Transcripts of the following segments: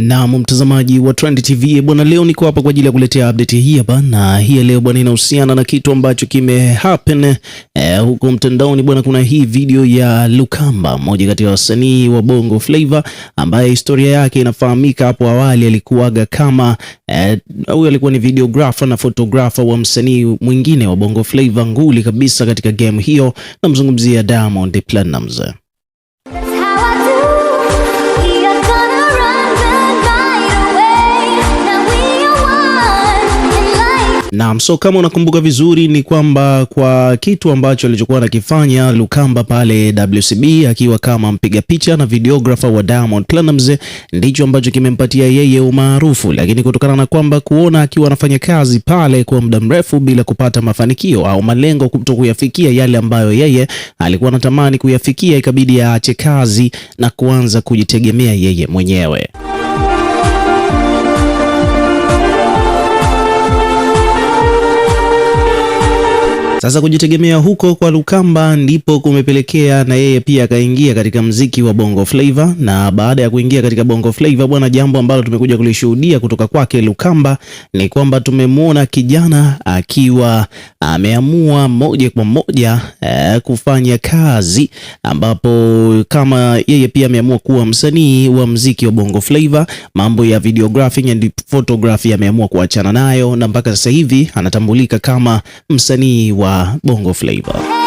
Naam, mtazamaji wa Trend TV eh, bwana, leo niko hapa kwa ajili ya kuletea update hii hapa, na hii leo bwana inahusiana na kitu ambacho kime happen eh, huko mtandaoni bwana. Kuna hii video ya Lukamba, mmoja kati ya wasanii wa Bongo Flava ambaye historia yake inafahamika. Hapo awali alikuwaga kama eh, huyu eh, alikuwa ni videographer na photographer wa msanii mwingine wa Bongo Flava nguli kabisa katika game hiyo, namzungumzia Diamond Platnumz. Naam, so kama unakumbuka vizuri ni kwamba kwa kitu ambacho alichokuwa anakifanya Lukamba pale WCB akiwa kama mpiga picha na videographer wa Diamond Platnumz ndicho ambacho kimempatia yeye umaarufu, lakini kutokana na kwamba kuona akiwa anafanya kazi pale kwa muda mrefu bila kupata mafanikio au malengo kuto kuyafikia yale ambayo yeye alikuwa anatamani kuyafikia, ikabidi aache kazi na kuanza kujitegemea yeye mwenyewe. Sasa kujitegemea huko kwa Lukamba ndipo kumepelekea na yeye pia akaingia katika mziki wa Bongo Flava, na baada ya kuingia katika Bongo Flava bwana, jambo ambalo tumekuja kulishuhudia kutoka kwake Lukamba ni kwamba tumemwona kijana akiwa ameamua moja kwa moja eh, kufanya kazi, ambapo kama yeye pia ameamua kuwa msanii wa mziki wa Bongo Flava, mambo ya videographing and photography ameamua kuachana nayo, na mpaka sasa hivi anatambulika kama msanii wa Bongo Flavor.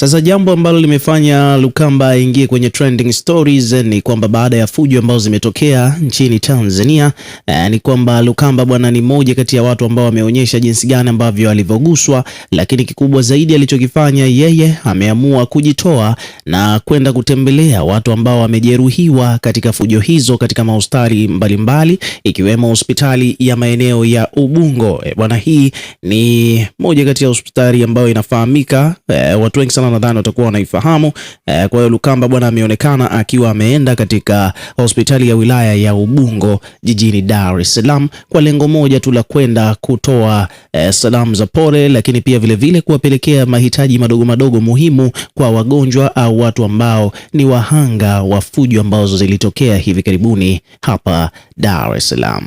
Sasa jambo ambalo limefanya Lukamba aingie kwenye trending stories ni kwamba baada ya fujo ambazo zimetokea nchini Tanzania eh, ni kwamba Lukamba bwana ni moja kati ya watu ambao wameonyesha jinsi gani ambavyo alivyoguswa, lakini kikubwa zaidi alichokifanya yeye, ameamua kujitoa na kwenda kutembelea watu ambao wamejeruhiwa katika fujo hizo katika mahospitali mbalimbali ikiwemo hospitali ya maeneo ya Ubungo. Eh, bwana hii ni moja kati ya hospitali ambayo inafahamika eh, watu wengi sana sana, nadhani watakuwa wanaifahamu. Eh, kwa hiyo Lukamba bwana ameonekana akiwa ameenda katika hospitali ya wilaya ya Ubungo jijini Dar es Salaam kwa lengo moja tu la kwenda kutoa eh, salamu za pole, lakini pia vilevile kuwapelekea mahitaji madogo madogo muhimu kwa wagonjwa au watu ambao ni wahanga wa fujo ambazo zilitokea hivi karibuni hapa Dar es Salaam.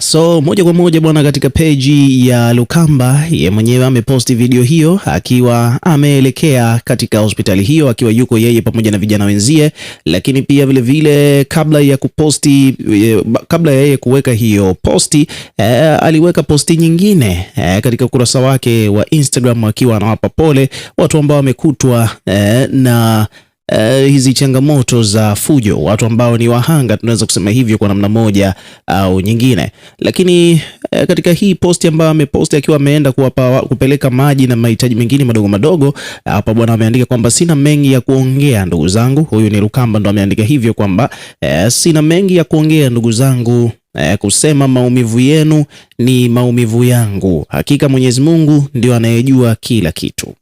So moja kwa moja bwana, katika peji ya Lukamba ye mwenyewe ameposti video hiyo akiwa ameelekea katika hospitali hiyo, akiwa yuko yeye pamoja na vijana wenzie, lakini pia vile vile kabla ya kuposti, eh, kabla ya yeye kuweka hiyo posti eh, aliweka posti nyingine eh, katika ukurasa wake wa Instagram akiwa anawapa pole watu ambao wamekutwa eh, na uh, hizi changamoto za fujo, watu ambao ni wahanga, tunaweza kusema hivyo kwa namna moja au nyingine. Lakini uh, katika hii posti ambayo ameposti akiwa ameenda kuwapa kupeleka maji na mahitaji mengine madogo madogo, hapa uh, bwana ameandika kwamba sina mengi ya kuongea ndugu zangu. Huyu ni Rukamba ndo ameandika hivyo kwamba uh, sina mengi ya kuongea ndugu zangu kusema maumivu yenu ni maumivu yangu. Hakika Mwenyezi Mungu ndio anayejua kila kitu.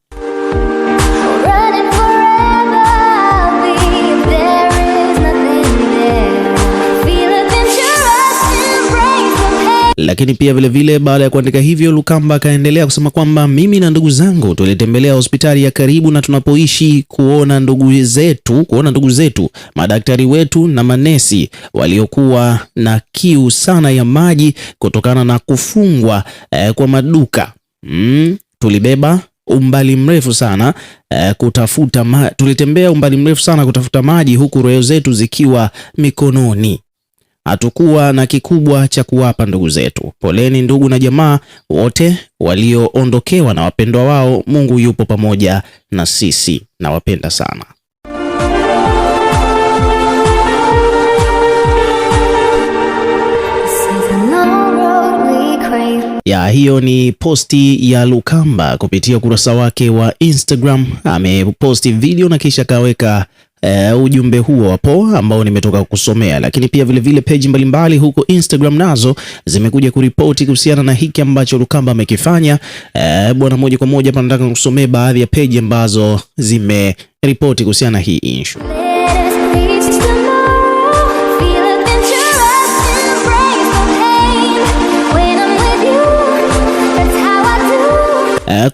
Lakini pia vilevile, baada ya kuandika hivyo, Lukamba akaendelea kusema kwamba mimi na ndugu zangu tulitembelea hospitali ya karibu na tunapoishi kuona ndugu zetu, kuona ndugu zetu, madaktari wetu na manesi waliokuwa na kiu sana ya maji kutokana na kufungwa eh, kwa maduka mm, tulibeba umbali mrefu sana eh, kutafuta ma tulitembea umbali mrefu sana kutafuta maji huku roho zetu zikiwa mikononi hatukuwa na kikubwa cha kuwapa ndugu zetu. Poleni ndugu na jamaa wote walioondokewa na wapendwa wao. Mungu yupo pamoja na sisi, nawapenda sana. ya hiyo ni posti ya Lukamba kupitia ukurasa wake wa Instagram. Ameposti video na kisha kaweka Uh, ujumbe huo hapo ambao nimetoka kusomea, lakini pia vilevile vile peji mbalimbali huko Instagram nazo zimekuja kuripoti kuhusiana na hiki ambacho Lukamba amekifanya. Uh, bwana, moja kwa moja hapa nataka kusomea baadhi ya peji ambazo zimeripoti kuhusiana na hii issue.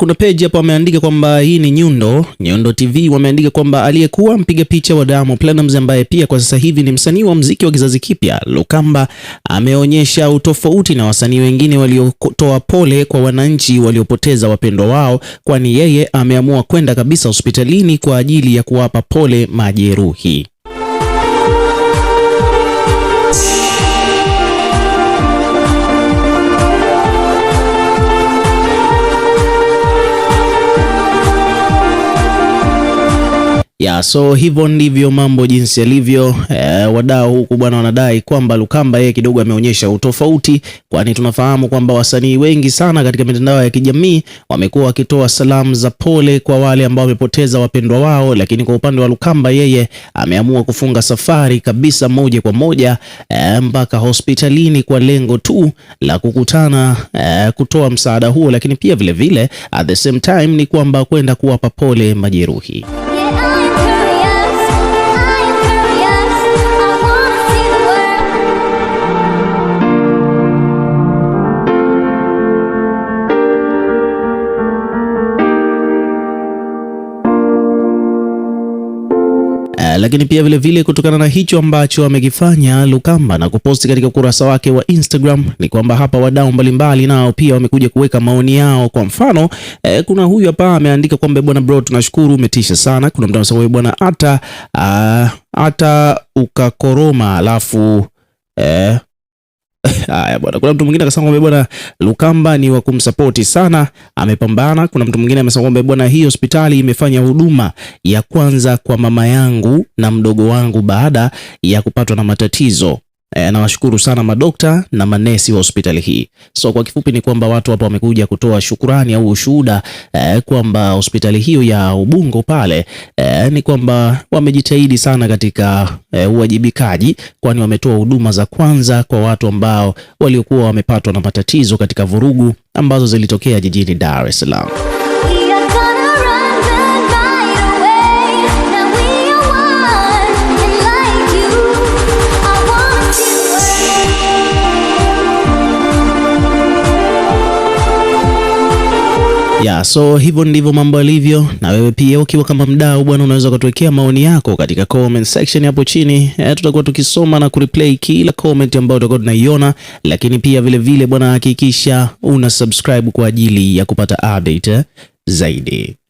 kuna page hapa wameandika kwamba hii ni Nyundo, Nyundo TV wameandika kwamba aliyekuwa mpiga picha wa Diamond Platnumz ambaye pia kwa sasa hivi ni msanii wa mziki wa kizazi kipya Lukamba ameonyesha utofauti na wasanii wengine waliotoa pole kwa wananchi waliopoteza wapendwa wao, kwani yeye ameamua kwenda kabisa hospitalini kwa ajili ya kuwapa pole majeruhi. ya so hivyo ndivyo mambo jinsi yalivyo. E, wadau huku bwana wanadai kwamba Lukamba yeye kidogo ameonyesha utofauti, kwani tunafahamu kwamba wasanii wengi sana katika mitandao ya kijamii wamekuwa wakitoa salamu za pole kwa wale ambao wamepoteza wapendwa wao, lakini kwa upande wa Lukamba yeye ameamua kufunga safari kabisa moja kwa moja e, mpaka hospitalini kwa lengo tu la kukutana e, kutoa msaada huo, lakini pia vilevile vile, at the same time ni kwamba kwenda kuwapa pole majeruhi. Lakini pia vilevile, kutokana na hicho ambacho amekifanya Lukamba na kuposti katika ukurasa wake wa Instagram, ni kwamba hapa wadau mbalimbali nao pia wamekuja kuweka maoni yao. Kwa mfano eh, kuna huyu hapa ameandika kwamba bwana bro, tunashukuru umetisha sana. Kuna mtu anasema bwana, hata ah, hata ukakoroma alafu eh, Haya bwana, kuna mtu mwingine akasema kwamba bwana Lukamba ni wa kumsapoti sana, amepambana. Kuna mtu mwingine amesema kwamba bwana, hii hospitali imefanya huduma ya kwanza kwa mama yangu na mdogo wangu baada ya kupatwa na matatizo. E, nawashukuru sana madokta na manesi wa hospitali hii. So kwa kifupi ni kwamba watu hapa wamekuja kutoa shukurani au ushuhuda e, kwamba hospitali hiyo ya Ubungo pale e, ni kwamba wamejitahidi sana katika e, uwajibikaji, kwani wametoa huduma za kwanza kwa watu ambao waliokuwa wamepatwa na matatizo katika vurugu ambazo zilitokea jijini Dar es Salaam. yeah, so hivyo ndivyo mambo yalivyo, na wewe pia ukiwa kama mdau bwana, unaweza kutuwekea maoni yako katika comment section hapo chini e, tutakuwa tukisoma na kureplay kila comment ambayo utakuwa tunaiona, lakini pia vile vile bwana, hakikisha una subscribe kwa ajili ya kupata update eh, zaidi.